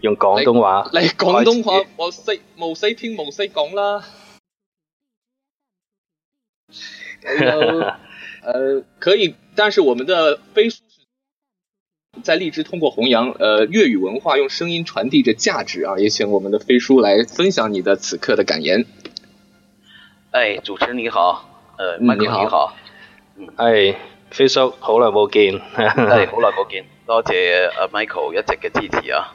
用廣東話，來廣東話我識，唔識聽，唔識講啦。 uh, uh, 可以，但是我們的飛叔在荔枝通過弘揚呃粵語文化，用聲音傳遞着價值啊！也請我們的飛叔來分享你的此刻的感言。哎，主持人好、呃嗯、你好，呃，Michael 你好，嗯，哎，飛叔好耐冇見，真係 好耐冇見，多謝阿、uh, Michael 一直嘅支持啊！